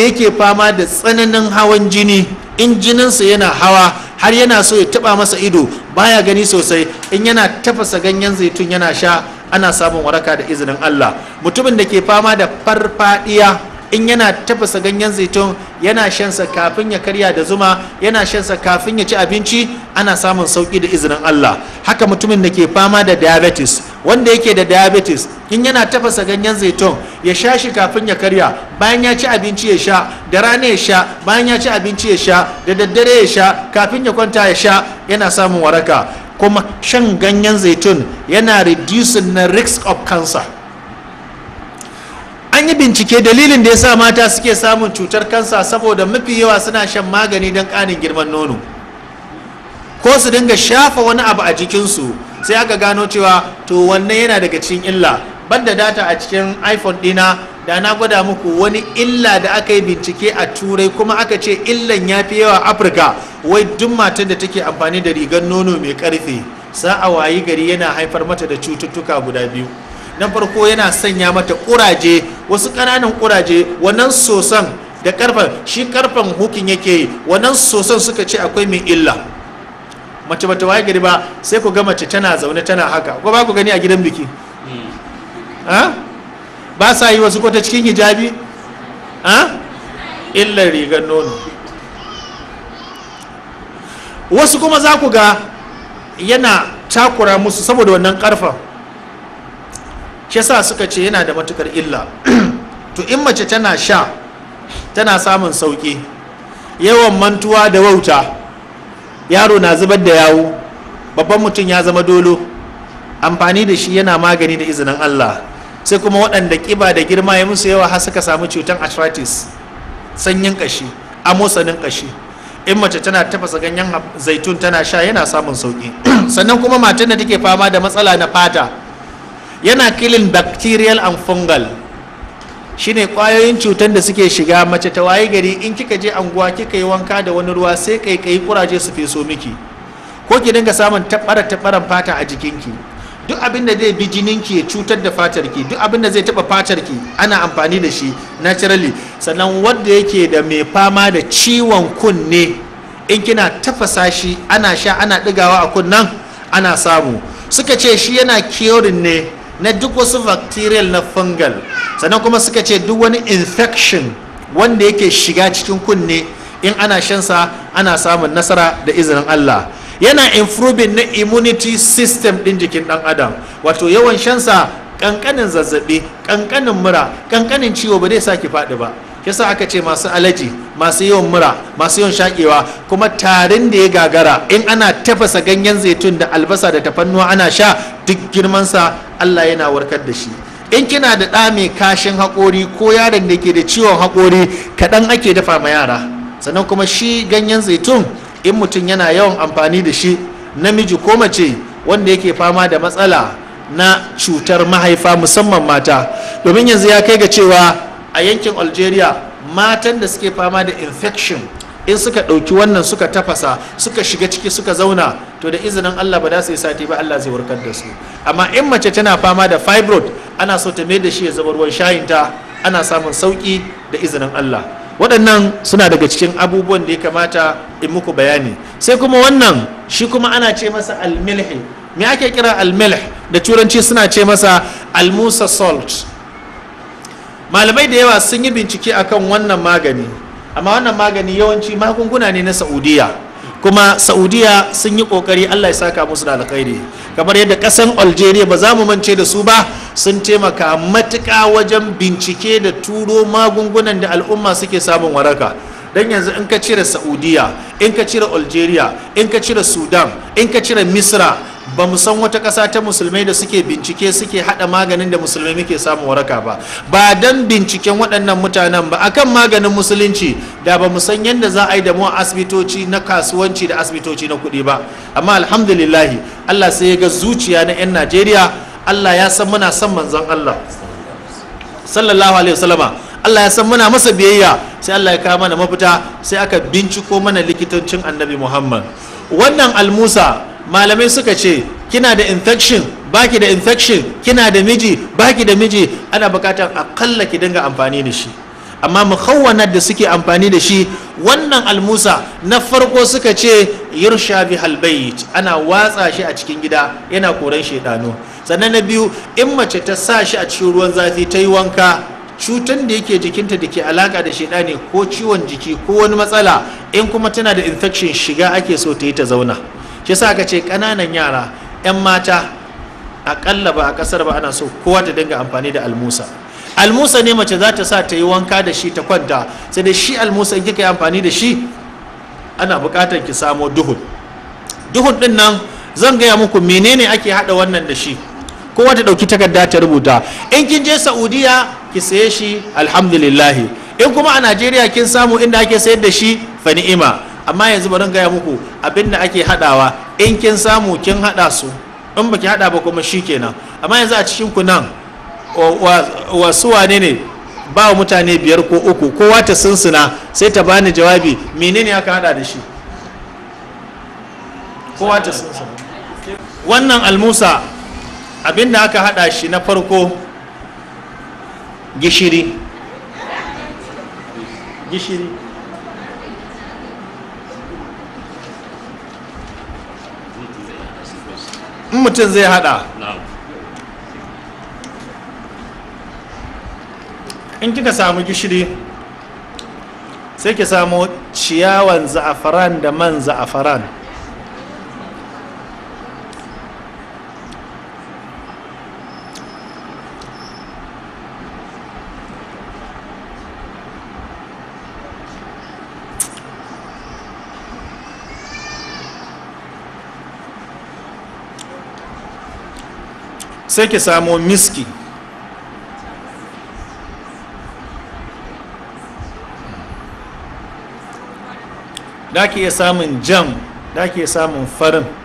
da yake fama da tsananin hawan jini in jininsa yana hawa har yana so ya taba masa ido baya gani sosai in yana tafasa ganyen zaitun yana sha ana samun waraka da izinin Allah mutumin da ke fama da farfadiya in yana tafasa ganyen zaitun yana shansa kafin ya karya da zuma yana shansa kafin ya ci abinci ana samun sauki da izinin Allah haka mutumin da ke fama da diabetes wanda yake da diabetes in yana tafasa ganyen zaitun ya sha shi kafin ya karya bayan ya ci abinci ya sha da rana ya sha bayan ya ci abinci ya sha da daddare ya sha kafin ya kwanta ya sha yana samun waraka kuma shan ganyen zaitun yana reducing na risk of cancer yi bincike dalilin da ya sa mata suke samun cutar kansa saboda mafi yawa suna shan magani don ƙanin girman nono ko su dinga shafa wani abu a jikinsu sai aka gano cewa to wannan yana daga cikin illa banda data a cikin iphone dina da na gwada muku wani illa da aka yi bincike a turai kuma aka ce illan ya fi yawa afirka wai duk matar da take amfani da rigar nono mai karfe sa'a wayi gari yana haifar mata da cututtuka guda biyu na farko yana sanya mata kuraje wasu ƙananan kuraje wannan sosan da karfan shi karfan hukin yake yi wannan sosan suka ce akwai mai illa mace bata waye gari ba sai ku ga mace tana zaune tana haka ko ba ku gani a gidan biki hmm. ah? ba sa yi wasu ko ta cikin hijabi ah? illar rigar nono wasu kuma za ku ga yana takura musu saboda wannan karfan shi sa suka ce yana da matukar illa to in mace tana sha tana samun sauki yawan mantuwa da wauta yaro na zubar da yawo babban mutum ya zama dolo amfani da shi yana magani da izinin Allah sai kuma waɗanda ƙiba da girma ya musu yawa har suka samu cutar arthritis sanyin ƙashi amosanin ƙashi in mace tana tafasa ganyen zaitun tana sha yana samun sauki sannan kuma matan da take fama da matsala na fata yana killing bacterial and fungal shine kwayoyin cutar da suke shiga mace ta waye gari in kika je anguwa kika yi wanka da wani ruwa sai kai kai kuraje su feso miki ko ki dinga samun tabara tabaran fata a jikinki duk abin da zai bi jinin ki ya cutar da fatar ki duk abin da zai taba ki ana amfani da shi naturally sannan wanda yake da mai fama da ciwon kunne in kina tafasa shi ana sha ana digawa a kunnan ana samu suka ce shi yana curing ne na duk wasu bacterial na fungal sannan kuma suka ce duk wani infection wanda yake shiga cikin kunne in ana shansa ana samun nasara da izinin Allah yana improving na immunity system din jikin dan adam wato yawan shansa kankanin zazzabi kankanin mura kankanin ciwo ba zai saki faɗi ba yasa aka ce masu alaji masu yawan mura masu yawan shakewa kuma tarin da ya gagara in ana tafasa ganyen zaitun da albasa da tafannuwa ana sha duk girmansa allah yana warkar da shi in kina da ɗa mai kashin hakori ko yaron da ke da ciwon haƙori kaɗan ake dafa ma yara sannan kuma shi ganyen zaitun in mutum yana yawan amfani da shi namiji ko mace wanda yake fama da matsala na cutar mahaifa musamman mata domin yanzu ya kai ga cewa a yankin algeria matan da suke fama da infection in suka ɗauki wannan suka tafasa suka shiga ciki suka zauna to da izinin allah ba za su yi sati ba allah zai warkar da su amma in mace tana fama da fibroid ana so ta mai da shi ya zama ruwan shayinta ana samun sauƙi da izinin allah waɗannan suna daga cikin abubuwan da ya kamata in muku bayani sai kuma wannan shi kuma ana ce masa almilhi me ake kira almilh da turanci suna ce masa almusa salt malamai da yawa sun yi bincike akan wannan magani amma wannan magani yawanci magunguna ne na saudiya kuma saudiya sun yi kokari allah ya saka musu da alkhairi kamar yadda kasan algeria ba za mu mance da su ba sun taimaka matuka wajen bincike da turo magungunan da al'umma suke samun waraka don yanzu in ka cire saudiya in ka cire algeria in ka cire sudan in ka cire misra ba mu san wata kasa ta musulmai da suke bincike suke haɗa maganin da musulmai muke samun waraka ba ba dan binciken waɗannan mutanen ba akan maganin musulunci da ba mu san yadda za a yi da mu a asibitoci na kasuwanci da asibitoci na kuɗi ba amma alhamdulillahi Allah sai ya ga zuciya na 'yan Najeriya Allah ya san muna son manzon Allah sallallahu alaihi wasallama Allah ya san muna masa biyayya sai Allah ya kawo mana mafita sai aka binciko mana likitancin annabi Muhammad wannan almusa malamai suka ce kina da infection baki da infection kina da miji baki da miji ana bukatar akalla ki dinga amfani da shi amma mukhawwanat da suke amfani da shi wannan almusa na farko suka ce yursha bi halbayit ana watsa shi a cikin gida yana koran shedano sannan na biyu in mace ta sa shi a cikin ruwan zafi ta yi wanka cutan da yake jikinta da ke alaka da shedani ko ciwon jiki ko wani matsala in kuma tana da infection shiga ake so ta yi ta zauna shi sa ka ce ƙananan yara 'yan mata aƙalla ba a ƙasar ba ana so kowa ta dinga amfani da almusa almusa ne mace za ta sa ta yi wanka da shi ta kwanta sai dai shi almusa in kika yi amfani da shi ana buƙatar ki samo duhun duhun ɗin nan zan gaya muku menene ake haɗa wannan da shi kowa ta ɗauki takarda ta rubuta in kin je saudiya ki saye shi alhamdulillahi in kuma a najeriya kin samu inda ake sayar da shi fa ni'ima amma yanzu bari gaya muku abin da ake hadawa in kin samu kin hada su in baki hada ba kuma shi kenan amma yanzu a cikin ku nan wasu wane ne ba mutane biyar ko uku kowa ta sunsuna sai ta bani jawabi menene aka hada da shi kowa ta sunsuna wannan almusa abin da aka hada shi na farko gishiri gishiri in mutum zai hada in kika samu gishiri sai ki samu ciyawan za'afaran da man za'afaran sai ki samo miski da ke samun jam da ke samun farin